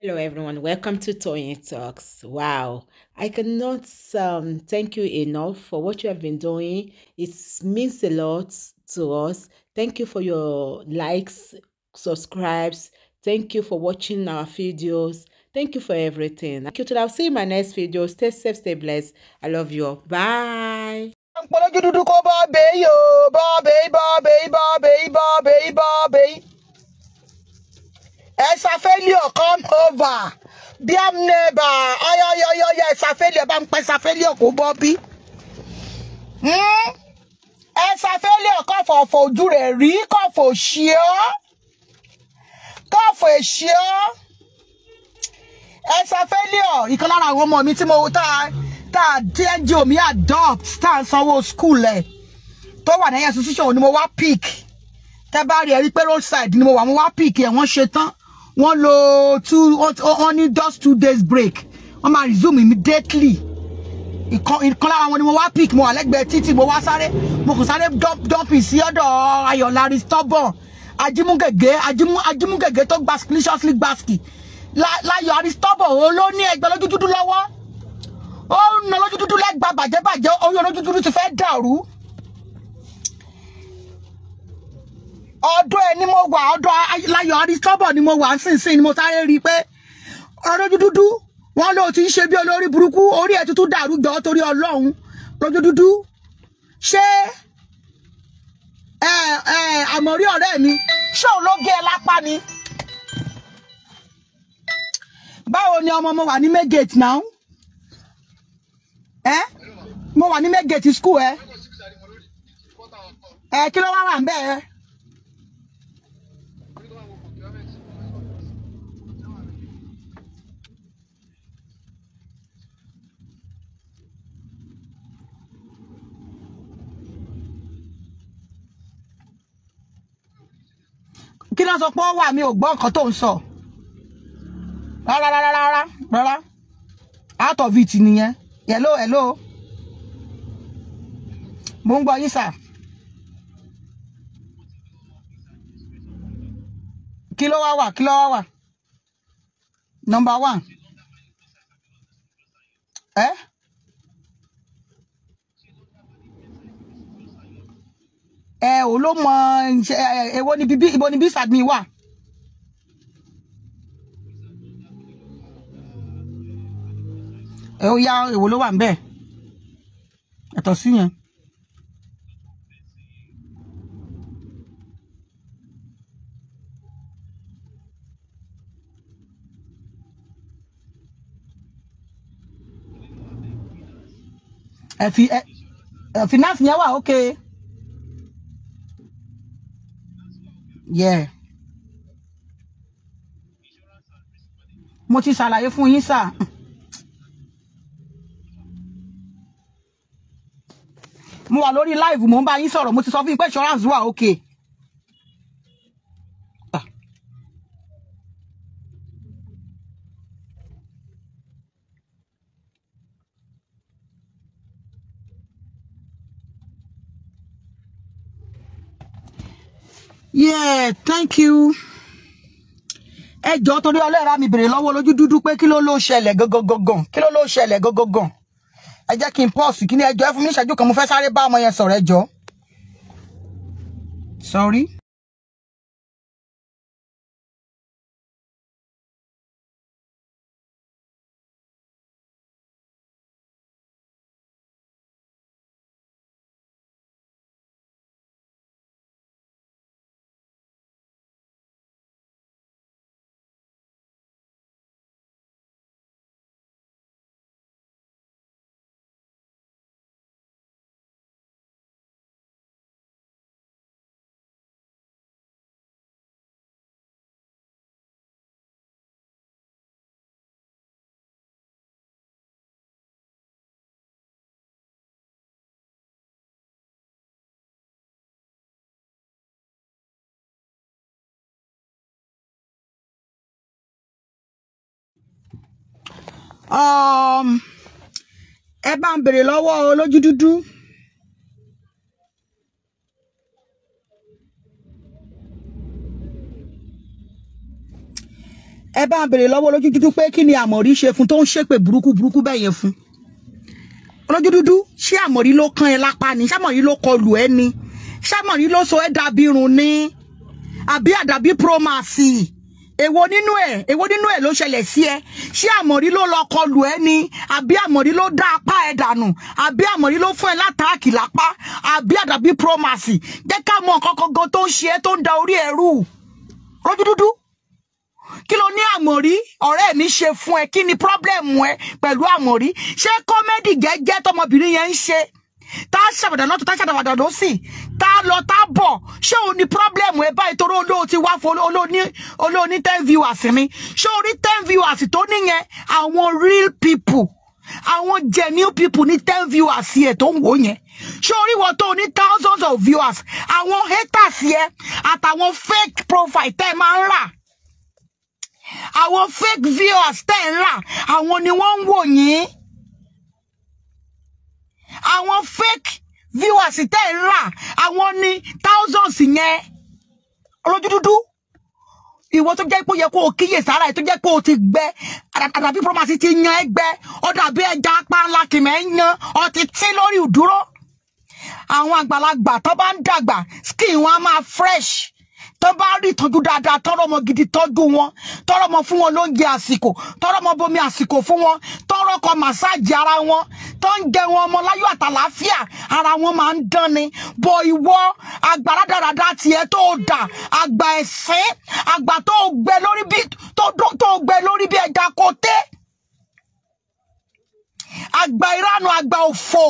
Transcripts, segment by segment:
Hello, everyone. Welcome to Toyin Talks. Wow, I cannot um, thank you enough for what you have been doing. It means a lot to us. Thank you for your likes, subscribes. Thank you for watching our videos. Thank you for everything. Thank you to I'll see you in my next video. Stay safe, stay blessed. I love you. All. Bye. Bobby, Bobby, Bobby, Bobby, Bobby ẹ̀sà failure come over bí am neighbor ọyọyọyọyọ ẹ̀sà failure bá ń pẹ́ ẹ̀sà failure kò bọ́ bí. ẹ̀sà hmm? failure kọ̀fọ̀ ọ̀fọ̀ ojú rẹ̀ rí kọ̀fọ̀ come, ọ́ kọ̀fọ̀ èṣì come, ẹ̀sà failure come, lára àwọn ọmọ mi tí mo tá tá dng omi adopt tá à ń sanwó school ẹ̀ tó wà ní ẹ̀yẹ institution ni mo wá pick tẹ́ bá rí ẹ rí pé roadside ni mo wà mo wá pick ẹ̀ wọ́n ṣe tán wọ́n lo two only ní just two days break wọ́n máa resume immediately ìkan lára wọn ni mo wá pick mo wà lẹ́gbẹ̀ẹ́ títì mo wá sáré mo kò sáré dumping sí ọ̀dọ̀ ayọ̀lárí stubborn ajimugege ajimugege tó gba spliciously gbaski láyọ̀ aristobal olóní ẹgbẹ́ lójú dúdú lọ́wọ́ ó ń na lójú dúdú lẹ́gbàá bàjẹ́bàjẹ́ oyún lójú dúdú ti fẹ́ dàrú. ọ̀dọ̀ ẹ ni mo wà ọ̀dọ̀ Láyọ̀ Aristobor ni mo wà sínsìn ni mo sáré rí i pé ọdún dúdú wọn ló ti ń ṣe bí olórí burúkú orí ẹ tuntun dàrú jọ torí Ọlọ́run lójú dúdú ṣé ẹ ẹ àmọ̀rí ọ̀rẹ́ mi ṣé òun ló gé ẹ lápá ni báwo ni ọmọ mo wà ní Maygate now ẹ mo wà ní Maygate school ẹ ẹ kí ló wá wà ń bẹ́ẹ̀. ló sọ pé ó wà mi ò gbọ́ nǹkan tó ń sọ rárá rárá rárá rárá out of it nìyẹn hello hello mo ń gbọ́ yín sà. kí ló wá wà kí ló wá wà number one Eh? ẹ ò ló mọ èwo ni bíbí ibo ni bí sàdmí wà. ẹ ó yá èwo ló wà níbẹ̀ yàtọ̀ sí yẹn. ẹ fi ẹ finance yẹn wà ókè. Okay. yeah. mo ti ṣàlàyé fún yín sà. mo wà lórí live mo ń bá yín sọ̀rọ̀ mo ti sọ fún yín pé insurance wà okay. yeah thank you ẹ jọ torí ọlẹ́ra mi bèrè lọ́wọ́ lójú dúdú pé kí ló ló ṣẹlẹ̀ gangan kí ló ló ṣẹlẹ̀ gangan ẹ jẹ́ kí n pọ́ọ̀sì kí ni ẹ jọ ẹ fún mi ìṣẹ́jú kan mo fẹ́ sáré bá ọmọ yẹn sọ̀rọ̀ ẹ jọ sorry. Um, ẹ bá ń bèrè lọ́wọ́ olójú dúdú. ẹ bá ń bèrè lọ́wọ́ olójú dúdú pé kí ni àmọ̀rí ṣe fún tó ń ṣépè burúkú burúkú bẹ́ẹ̀ yẹn fún olójú dúdú ṣé àmọ̀rí ló kan ẹ lápá ni ṣàmọ̀rí ló kọlù ẹ ni ṣàmọ̀rí ló sọ ẹ dàbí irun ni àbí àdàbí promaxi èwo nínú ẹ̀ èwo nínú ẹ̀ ló ṣẹlẹ̀ sí ẹ ṣé àmọ̀rí ló lọ kọlù ẹ ni àbí àmọ̀rí ló dá apá ẹ dànù àbí àmọ̀rí ló fún ẹ látàkì lápá àbí àdàbí promasi jẹ́ ká mọ nǹkan kankan tó ń ṣe ẹ tó ń da orí ẹ rú dúdú kí ló ní àmọ̀rí ọ̀rẹ́ mi ṣe fún ẹ kí ni pírọ́blẹ̀mù ẹ pẹ̀lú àmọ̀rí ṣé kọ́mẹ́dì gẹ́gẹ́ tọmọbìnrin yẹn ń ṣe tá a ṣàwàdà lọ́tún tá a ṣàwàdà lọ́sìn tá a lọ tá a bọ̀ ṣé o ní pírọ́blẹ̀mù ẹ báyìí torí olóò ti wá fún olóòní olóòní ten viewers mi ṣé o rí ten viewers tó níyẹn àwọn real people àwọn genuine people ní ten viewers yẹ tó ń wò yẹn ṣé o rí wọn tó ní thousands of viewers àwọn haters yẹ àtàwọn fake profile tẹ́ ẹ máa ń rà àwọn fake viewers tẹ́ ẹ ń rà àwọn ni wọ́n ń wò yín àwọn fake viewers tẹ́ ẹ̀ ń rà àwọn ní thousands yẹn olójú dúdú ìwọ tó jẹ́ pé ó yẹ kó o kíyè sára ẹ̀ tó jẹ́ pé o ti gbẹ àdàbí promise ti yan ẹ gbẹ ó dàbí ẹja panla kìmẹ̀ ń yan ọtí tí lórí ìdúró àwọn àgbàlagbà tó bá ń dàgbà skin wọn á máa fresh tán bá rí ìtọ́jú dáadáa tọrọ ọmọ gidi tọ́jú wọn tọrọ ọmọ fún wọn lóúnjẹ àsìkò tọrọ ọmọ bomi àsìkò fún wọn tọrọ ọkọ màsáàjì ara wọn tó ń jẹ wọn ọmọ láyọ̀ àtàlàáfíà ara wọn máa ń dán ni bọ ìwọ agbára dáradára tiẹ̀ tó dà àgbà ẹ̀sìn àgbà tó gbẹ lórí bí tó gbẹ lórí bí ẹja koté àgbà ìránù àgbà òfò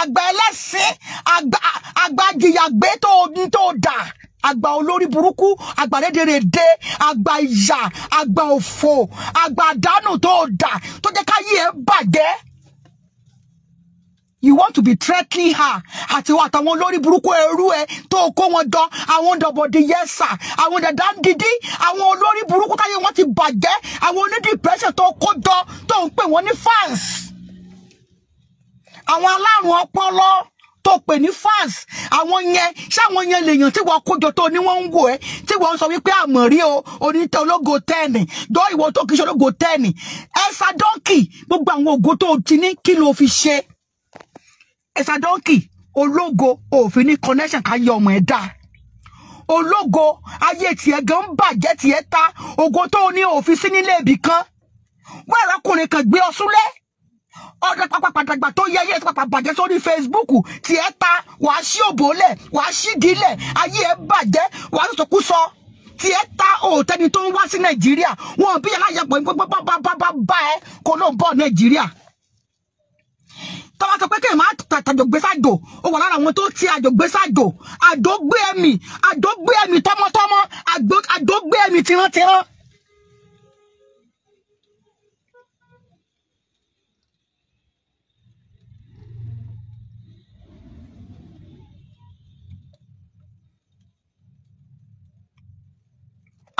àgbà ẹlẹ́sìn àgbà àgbà jìyàgbé tó dà àgbà olórí burúkú àgbà rédèrèdè àgbà ìyà àgbà òfò àgbà àdánù tó dà tó jẹ́ káyé ẹ̀ bàjẹ́ you want to be threatening her àti wọn àtàwọn olórí burúkú ẹrú ẹ tó kó wọn dán àwọn dọbọdì yẹsà àwọn dàda ń didi àwọn olórí burúkú táyé wọn ti bàjẹ́ àwọn onídìpẹsẹ tó kó dán tó ń pè wọn ní fans àwọn alárùn ọpọlọ tó pè ní fans àwọn yẹn ṣáwọn yẹn lèèyàn tí wọ́n kójọ tó ní wọ́n ń wò ẹ́ tí wọ́n sọ wípé àmọ̀rí o onítẹ̀ ológo tẹ́ẹ̀nì dọ́ ìwọ tó kì í ṣe ológo tẹ́ẹ̀nì ẹ̀sà dọ́ǹkì gbogbo àwọn ògo tó ti ní kí ló fi ṣe ẹ̀sà dọ́ǹkì ológo òfin ní connection ká yọ ọmọ ẹ̀ dáa ológo ayé tiẹ̀ gan bàjẹ́ tiẹ̀ ta ògo tó ní òfin sí nílé ibì kan wẹ́ẹ̀rọ̀kùnrin kan gbé ọ súnlẹ̀ ọ̀rẹ́ pàpàpàdàgbà tó yẹ ayé ẹ̀ pàpà bàjẹ́ sórí Facebook tiẹ̀ ta wàá sí òbólẹ̀ wàá sí dílẹ̀ ayé ẹ̀ bàjẹ́ wàá sọ̀kú sọ tiẹ̀ ta òòtẹ́ni tó ń wá sí Nàìjíríà wọn bí aláyàpọ̀ bábábábá ẹ kó ló ń bọ̀ Nàìjíríà tọ́wọ́ sọ pé kéèyàn máa tàjọ gbé sájò ó wà lára àwọn tó ti àjò gbé sájò àdó gbé ẹ̀mí tọmọtọmọ àdó gbé tirantiran.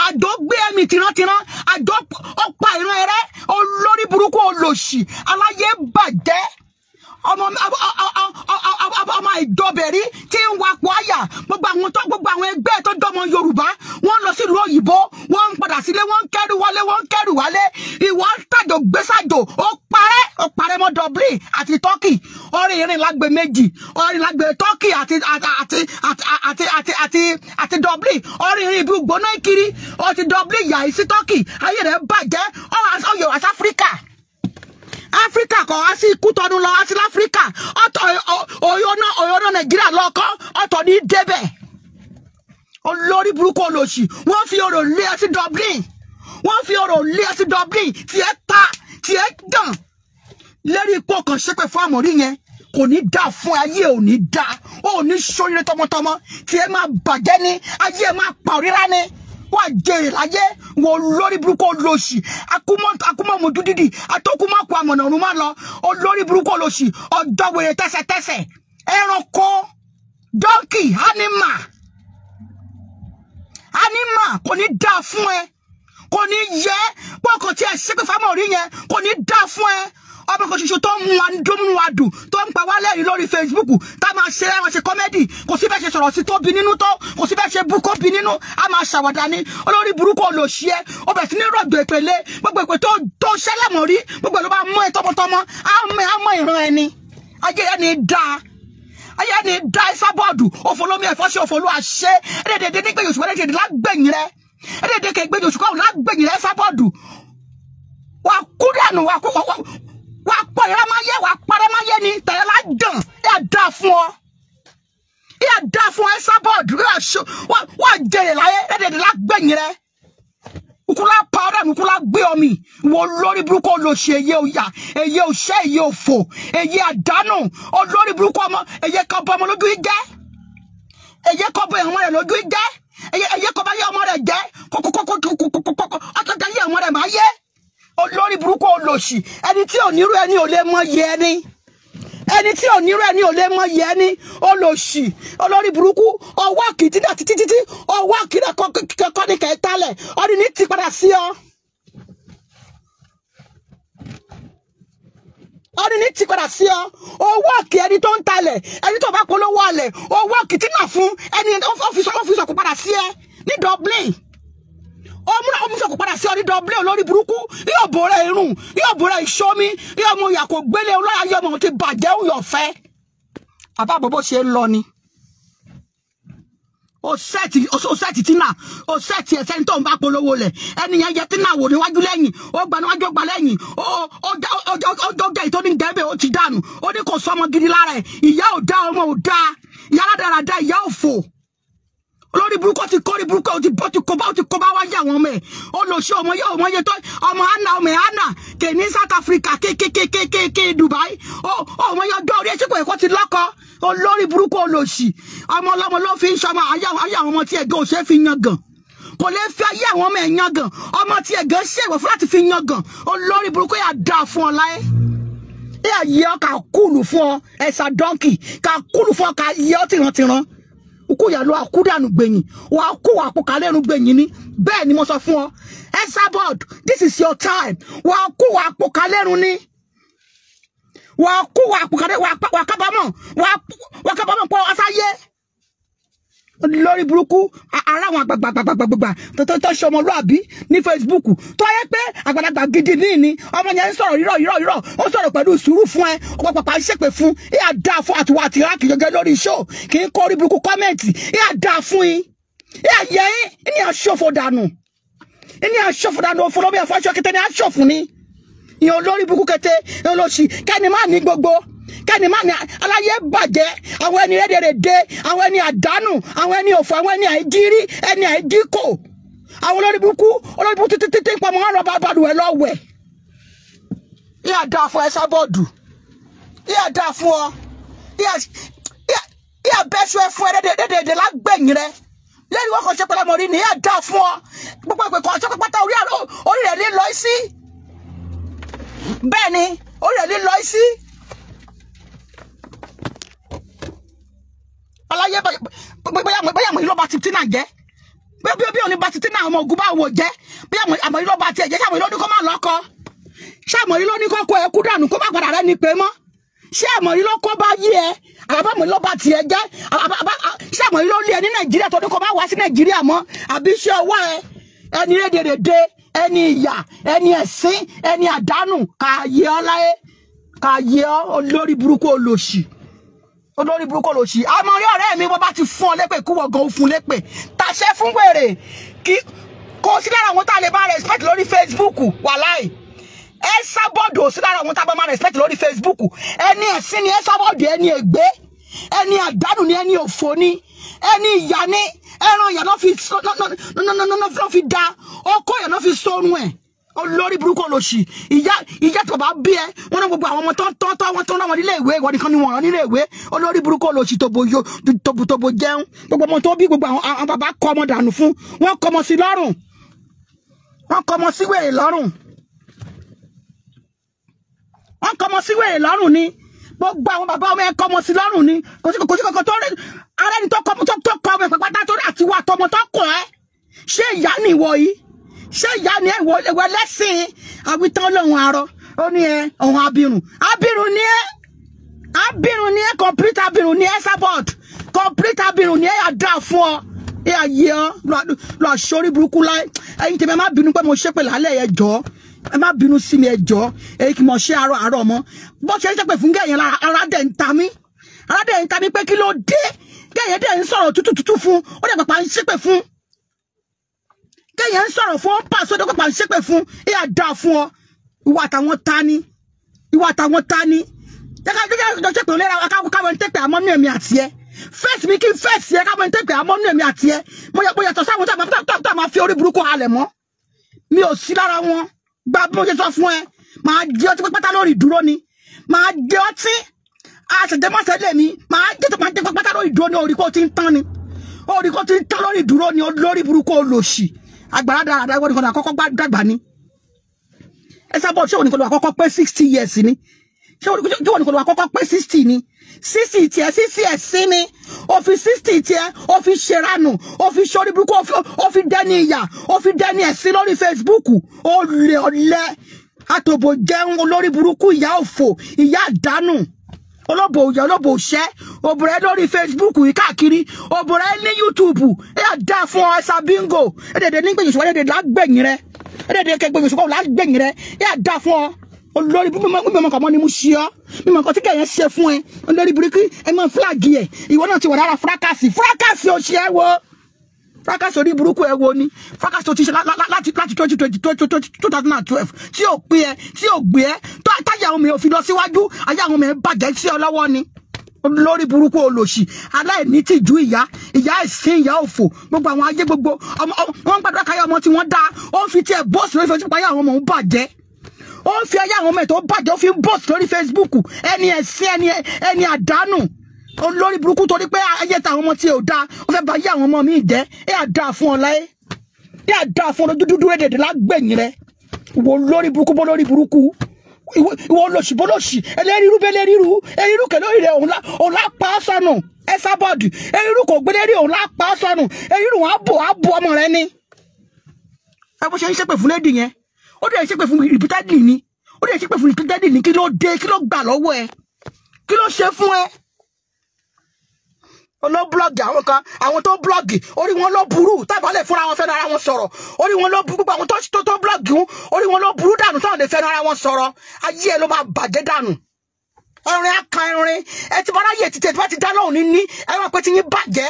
àjọ gbé ẹ̀mí tìrantìran àjọ ọ̀pá ìran ẹ̀rẹ́ olórí burúkú olòṣì aláyé bàjẹ́ ọmọ àìdọ̀bẹ̀rí tí ń wakọ̀ àyà gbogbo àwọn tó gbogbo àwọn ẹgbẹ́ tó dọ́mọ Yorùbá wọ́n lọ sílùú òyìnbó wọ́n ń padà sílé wọ́n ń kẹ́rù wọlé wọ́n ń kẹ́rù wálé ìwọ ń tàjò gbèsàjò ó parẹ́ ó parẹ́ mọ́ Dublin àti Turkey ọrìn ìrìn lágbe méjì ọrìn lágbe Turkey àti àti àti àti àti àti Dublin ọrìn ìrìn ibi gbóná kiri ó ti Dublin yàí sí Turkey ayé rẹ̀ bàjẹ́ ọ̀hún ọ̀yọ̀ àti Áfíríkà. Africa kọ á sí ikú tọnu lọ á sí láfíríkà ọ̀tọ̀ òyòna òyòna nàìjíríà lọkọ ọ̀tọ̀ ní débẹ̀ olórí burúkú olóṣì wọ́n fi ọ̀rọ̀ lé ẹ sí Dublin wọ́n fi ọ̀rọ̀ lé ẹ sí Dublin tiẹ̀ ta tiẹ̀ dàn lérí ipò kan ṣépè fún àmọ̀rí yẹn kò ní dà fún ayé ò ní dà ó ní sóríire tọmọtọmọ tiẹ̀ máa bàjẹ́ ní ayé máa pàrírá ní kó àjèrè láyé wọ olórí burúkú olóṣì akúmọ̀mù dúdídì atókùmọ̀kù àmọ̀nà ọ̀run má lọ olórí burúkú olóṣì ọ̀dọ́wèrè tẹ́sẹ̀tẹ́sẹ̀ ẹranko dọ́ńkì ánìmà ánìmà kò ní dáa fún ẹ kò ní yẹ pọ́kàn tí ẹ ṣépè fámọ́ rí yẹn kò ní dáa fún ẹ ọmọ kan ṣoṣo tó ń wa dómìnú wa dùn tó ń pa wá lẹ́rìí lórí Facebook tá a máa ṣe àwọn ṣe kọ́mẹ́dì kò sí bẹ́ẹ̀ ṣe sọ̀rọ̀ sí tó bí nínú tó kò sí bẹ́ẹ̀ ṣe bú kó bí nínú a máa ṣàwàdà ni olórí burúkú olóṣì ẹ o bẹ̀ sí ní rọ̀gbọ̀ ìpele gbogbo ìpè tó tó ṣẹlẹ̀ mọ̀ rí gbogbo ló bá mú ẹ tọmọtọmọ á mọ ìran ẹni ajé ẹni dáa ayé ẹni dá ẹsà bọ́ọ̀dù òfòlómi ẹ̀fọ́ṣẹ́ òfòló àṣẹ ẹ̀ẹ́dẹ̀dẹ̀ nígbẹ̀yìn oṣù wẹ́rẹ́dẹ̀dẹ̀ lágbẹ̀yìn rẹ ẹ̀ẹ́dẹ̀dẹ̀ kẹgbẹ̀yìn oṣù kọ́ọ̀hún lágbẹ̀yìn rẹ ẹsà bọ́ọ̀dù wà kú dànù wà kú wàá pọ̀ ìrẹ́ máa yẹ wàá parẹ́ máa yẹ ni tẹ̀yẹ́ máa dàn yà dá fún ọ yà dá fún ọ ẹsẹ bọ́ọ̀dù wàá jèrè láyé ẹ̀ẹ́dẹ̀ẹ̀dẹ̀ lágbẹ̀yìn rẹ nkula pa ọ̀rẹ́ mi nkula gbé ọmi wo lórí burúkú olóṣè èyí òyà èyí òṣè èyí òfò èyí àdánù olórí burúkú ọmọ èyí kan bọ ọmọ lójú ìjẹ èyí kan bọ ọmọ rẹ lójú ìjẹ èyí kan bá yẹ ọmọ rẹ jẹ kókókókókókókókókó ọtọjà yẹ ọmọ rẹ máa yẹ olórí burúkú olòṣì ẹni tí ò nírú ẹni ò lè mọ yẹ ẹni ẹni tí ò nírú ẹni ò lè mọ yẹ ẹni olòṣì olórí burúkú ọwọ́ àkìtì dà títí títí ọwọ́ àkìtì kọ́kọ́ ní kẹtàlẹ̀ ọdún ní ti padà sí ọ. ọdún ní ti padà sí ọ owó òkè ẹni tó ń talẹ̀ ẹni tó bá polówó ọlẹ̀ owó òkè tí nà fún ẹni ọ́fíìsì ọkùn padà sí ẹ ní Dublin ọmúra ọmú fẹ́ kó padà sí ọdí dọ̀bílé e olórí burúkú yóò bóra irun yóò bóra ìṣómi yóò mọ ìyà kò gbélé olóyà yóò mọ ti bàjẹ́ òun yóò fẹ́ àbá àbọ̀bọ̀ ṣe ń lọ ni o sẹ́ẹ̀tì o sẹ́ẹ̀tì tí náà o sẹ́ẹ̀tì ẹ̀sẹ̀ ní tó ń bá polówó lẹ̀ ẹnìyẹn yẹ tí náà wò níwájú lẹ́yìn ó gba níwájú ó gba lẹ́yìn ó ó dẹ́ ìtọ́ ní dẹ́bẹ̀ ó ti dànù ó ní kò sọ ọmọ gidi lára ẹ̀ ìyá ò dá ọmọ ò dá yàrá dáradá ìyá ò fò olórí burúkú ti kórè burúkú ti bọ́ ti kóbá ti kóbá wájú àwọn ọmọ ẹ̀ olóṣè ọmọ yẹ ọmọ yẹ tó ọmọ anna ọmọ anna kè ní South Africa kékékékéké Dubai ọmọ yẹ ọdún orí ẹsìnkú ẹ̀kọ́ ti lọ́kọ olórí burúkú olóṣì ọmọ ọlọ́mọ ló fi ń sọmọ ayé àwọn ọmọ tí ẹ̀gẹ́ òṣè fi yan gan kò lè fi ayé àwọn ọmọ ẹ̀ yan gan ọmọ tí ẹ̀gẹ́ ṣèwọ̀ fún láti fi yan gan olórí burúkú yà dáa fún ọ láyé yà yẹ ọ kà kúlù fún ọ ẹ̀sà dọ́ǹkì kà kúlù fún ọ kà yẹ ọ tìrantìran kó ìyá lọ àkú dànù gbẹ̀yìn wà á kó wà gbẹ̀yìn ni bẹ́ẹ̀ ni mo sọ fún ọ Esabod this is your time wà á kó wà ni wà á kó wà á kó kàlẹ́nu wà á kábàámọ̀ wà á kábàámọ̀ pọ̀ lórí burúkú ara àwọn àgbàgbàgbàgbàgbà tó ṣe ọmọlúàbí ní Facebook tó yẹ pé àgbàdàgbà gidi ní ìní ọmọ yẹn ń sọ̀rọ̀ irọ́ irọ́ irọ́ ó sọ̀rọ̀ pẹ̀lú sùúrù fún ẹ ọ̀pọ̀ pàpà ń ṣèpè fún ẹ á dáa fún àtiwọ́ àti ráàkì gẹ́gẹ́ lórí show kì í kọ́ orí burúkú kọ́mẹ̀ntì ẹ á dáa fún yín ẹ á yẹ yín ẹ ní aṣọ́fò dànù ẹ ní aṣọ́fò dànù òfin lọ́bẹ̀ àfọwọ́ṣọ́ kẹtẹ ní aṣọ́fù ni ìyẹn olórí burúkú kẹtẹ ẹ lọ́ọ́ ṣì kẹ́ni má ní kẹ́ni má ní aláyé bàjẹ́ àwọn ẹni rédèrèdè àwọn ẹni àdánù àwọn ẹni òfò àwọn ẹni àìjírí ẹni àìjíkò àwọn olórí burúkú olórí burúkú títí títí ń pamọ́ ọ̀rọ̀ bàbá rẹ̀ lọ́wẹ̀ yíyà dá fún ẹ sábọ́ọ̀dù yíyà dá fún ọ yíyà bẹ́sù ẹ fún ẹ rédèrèdè lágbẹ̀yìn rẹ lẹ́yìn wọ́n kò ṣe pẹ̀lẹ́ mọ̀rí ni yíyà dá fún ọ gbogbo ìpè kan ṣọ́kọ́ pátá orí rẹ̀ lé lọ sí bẹ́ẹ̀ ni orí rẹ̀ lé lọ sí. ọláyé bóyá àmọ̀ ìlọ́ba tìtì náà jẹ́ bí bí òní ba tìtì náà ọmọ ogun bá wò jẹ́ bí àmọ̀ ìlọ́ba tiẹ̀ jẹ́ sàmọ̀ ìlọ́ni kó má lọ́kọ sàmọ̀ ìlọ́ni kó kó ẹkú dànù kó má padà rẹ́ ni pé mọ́ ṣé àmọ̀ ìlọ́ kó bá yí ẹ àbá àmọ̀ ìlọ́ba tiẹ̀ jẹ́ ṣé àmọ̀ ìlọ́ lé ẹ ní nàìjíríà tó ní kó má wá sí nàìjíríà mọ́ àbí ṣé ọwọ́ ẹ ẹni rédèrèdè ẹni ìyà ẹni ẹ̀sín ẹni àdánù kàyé olórí burúkú ló ṣí àmọ́ orí ọ̀rẹ́ mi wọ́n bá ti fún ọ lépè kú wọ̀gàn òfun lépè tàṣẹ fún wèrè kí kò sí lára àwọn tá a lè bá respect lórí Facebook wàláì ẹ sábọ́ọ̀dù ò sí lára àwọn tá a bá máa respect lórí Facebook ẹni ẹ̀sìn ni ẹ sábọ́ọ̀dù ẹni ègbé ẹni àdánù ni ẹni òfò ni ẹni ìyá ni ẹran ìyá náà fi da ọkọ ìyá náà fi sọnù ẹ̀ olórí burúkú olóṣì ìyá ìyá tó bá bí ẹ wọn náà gbogbo àwọn ọmọ tán tán tán wọn tán náà wọn nílé ìwé wọn nìkan ni wọn nílé ìwé olórí burúkú olóṣì bo yo tòbò tòbò jẹun gbogbo ọmọ tó bí gbogbo àwọn bàbá kọ ọmọ dànù fún wọn kọ ọmọ sí lọ́rùn wọn kọ ọmọ sí wèrè lọ́rùn wọn kọ ọmọ sí wèrè lọ́rùn ni gbogbo àwọn bàbá ọmọ ẹ kọ ọmọ sí lọ́rùn ni kò sí kò sí kankan tó rí arẹni tó kọ ọmọ tó kọ ọmọ ìpàpàtà torí àtiwọ àtọmọ tó kọ ẹ ṣé ìyá nìwọ yìí ṣé ìyá ni ẹ̀wọ̀ lẹ́sìn àwítán ọlọ́run arọ ó ní ẹ ọ̀hún abirùn abirùn ni ẹ abirùn ni ẹ kọ̀mpútà abirùn ni ẹ sábọ̀d kọ̀mpútà abirùn ni ẹ yà dá fún ọ ẹ yà yẹ ọ lọ àṣọrí burúkú láì ẹ̀yin tèmi ẹ má bínú pé mo ṣépè lálẹ́ yẹn jọ ẹ má bínú sí mi ẹ jọ ẹ kì mọ̀ ṣe àárọ̀ àárọ̀ mọ́ bó ṣe ń tẹ́pẹ̀ fún gẹ̀yìn ara dẹ̀ ń ta mí ara dẹ̀ ń ta mí pé kí ló dé gẹ̀yìn dẹ̀ ń sọ̀rọ̀ tútù tútù fún ó dẹ̀ pàpà ń ṣépè fún kéèyàn ń sọ̀rọ̀ fún ọ pàṣẹ tó pàpà ń ṣépè fún ẹ yà dáa fún ọ ìwà àtàwọn ta ni ìwà àtàwọn ta ni jẹ́ká jẹ́ká jọ ṣépè lẹ́ra káwọn tẹ́pẹ́ àmọ́ ní èmi àti ẹ fẹ́ẹ̀sì mi kí fẹ́ẹ̀sì ẹ káwọn tẹ́pẹ́ àmọ́ ní èmi àti ẹ mo yàtọ̀ sáwọn tó àmà fi orí burúkú halẹ̀ mọ́ mi ò sí lára wọn gba bí mo ṣe sọ fún ẹ màá jẹ ọtí pátá lórí ìdúró ni màá jẹ ọtí àṣẹjẹmọṣẹ lè mi màá jẹ ọtí pátá lórí ìdúró ni orí kó ti ń tán ni orí kó ti ń tán lórí ìdúró ni lórí burúkú olòṣì agbára dáadáa wọn ni kọlọ àkọ́kọ́ dàgbà ni Esabod ṣé wọn ni kọlọ àkọ́kọ́ pé sixty years ni ṣé wọn ni kọlọ àkọ́kọ́ pé sixty ni sixty tiẹ̀ sixty ẹ sí ni o fi sixty tiẹ̀ o fi ṣeránù o fi ṣorí burúkú o fi dẹni ìyà o fi dẹni ẹ̀sín lórí Facebook o ọlẹ àtòbò jẹun olórí burúkú ìyá òfò ìyá àdánù olóbò òyà olóbò òṣẹ́ òbòrẹ́ lórí Facebook yìí káàkiri òbòrẹ́ ní YouTube ẹ̀yà dá fún ọ ẹ̀sà bingo ẹ̀dẹ̀dẹ̀ nígbẹ̀yìn ṣùgbọ́n ẹ̀dẹ̀dẹ̀ lágbẹ̀yìn rẹ ẹ̀dẹ̀dẹ̀ kẹgbẹ̀yìn ṣùgbọ́n lágbẹ̀yìn rẹ ẹ̀yà dá fún ọ olórí mímọ kàn mọ ni mo ṣe ọ mímọ kàn tí kẹyìn ṣe fún ẹ olórí burúkú ẹ máa fúlàgì ẹ ìwọ náà ti wà lára fúrákàsì fúrákàsì ò ṣe é wo fracas orí burúkú ẹ wo ni fracas tó ti ṣe láti láti twenty twenty two thousand and twelve tí ò pé ẹ tí ò gbé ẹ táyà àwọn mi ò fi lọ síwájú ayé àwọn ẹ bàjẹ́ sí ọ lọ́wọ́ ni lórí burúkú olòṣì aláìní tìjú ìyá ìyá ìsín ìyá òfò gbogbo àwọn ayé gbogbo ọmọ wọn ń gbàdúrà káyọ ọmọ tí wọ́n dá ó ń fi tiẹ̀ bọ́ọ̀sì lórí Facebook ayé àwọn ọmọ òun bàjẹ́ ó ń fi ayé àwọn ọmọ ẹ̀ tó bàjẹ́ ó fi ń bọ́ọ̀sì lórí Facebook olórí burúkú torí pé ayé táwọn ọmọ tí ò dáa ó fẹ́ bá yé àwọn ọmọ mi jẹ́ ẹ à dáa fún ọ láyé ẹ à dáa fún ọ lójú dúdú èdèdè lágbẹ̀yìn rẹ wo lórí burúkú bó lórí burúkú ìwọ olóṣì bó lóṣì ẹlẹ́rìírú bẹ́ẹ̀ lẹ́rìírú ẹ̀rírú kẹlẹ́rì rẹ òun lápá sànù ẹ sábọ̀dù ẹ̀rírú kò gbé lẹ́rì òun lápá sànù ẹ̀rírú wọn á bò á bò ọmọ rẹ ni. ẹ bó ṣe ń ṣépè fún lédi yẹn ó dẹ̀ ṣépè fún rìpítẹ́dì ni ó dẹ̀ ṣépè fún rìpítẹ́dì ni kí ló dé kí ló gbà lọ́wọ́ ẹ kí ló ṣe fún ẹ ló blọọgì àwọn kan àwọn tó blọọgì orí wọn ló burú tábà lè fúnra wọn fẹnu ara wọn sọ̀rọ̀ orí wọn ló burú àwọn tó tó blọọgì wọn orí wọn ló burú dànù táwọn lè fẹnu ara wọn sọ̀rọ̀ ayé ẹ ló máa bàjẹ́ dànù ọrin akan irin ẹ ti bọ́lá yẹ ti tètè ti dá lóhùn níní ẹ wọn pé ti yín bàjẹ́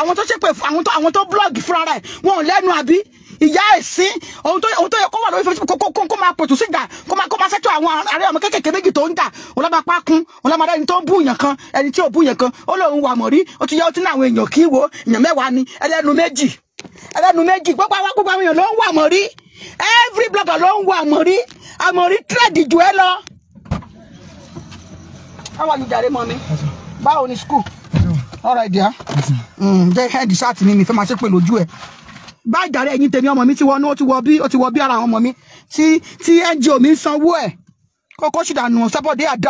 àwọn tó ṣépè àwọn tó blọọgì fúnra rẹ̀ wọn ò lẹ́nu àbí ìyá ẹ̀sìn ohun tó yẹ kó wà lórí Facebook kó kó máa pòtù sí kó máa kó máa ṣẹ́tù àwọn ará ọmọ kékèké méjì tó ń jà ọlọ́mọpá kún ọlọ́mọdé ẹni tó ń búyàn kan ẹni tí ò búyàn kan ó lóun wà mọ̀rí ó ti yẹ ó ti àwọn èèyàn kí wo èèyàn mẹ́wàá ni ẹlẹ́nu méjì ẹlẹ́nu méjì gbogbo àwọn gbogbo àwọn èèyàn ló ń wà mọ̀rí every blogger ló ń wà mọ̀rí àmọ̀rí tírẹ̀dì jù ẹ lọ. báwo ni jàre mọ mi báwo ni school all right dear mm, jẹ́ head shirt mi mi fẹ́ máa ṣépè lójú ẹ̀ báyìí dàrẹ́ ẹ̀yìn tèmi ọmọ mi ti wọnú ó ti wọ bí ó ti wọ bí ara àwọn ọmọ mi tí tí ngo mi ń sanwó ẹ̀ kókó ṣìdànù sábọ̀dé àdá.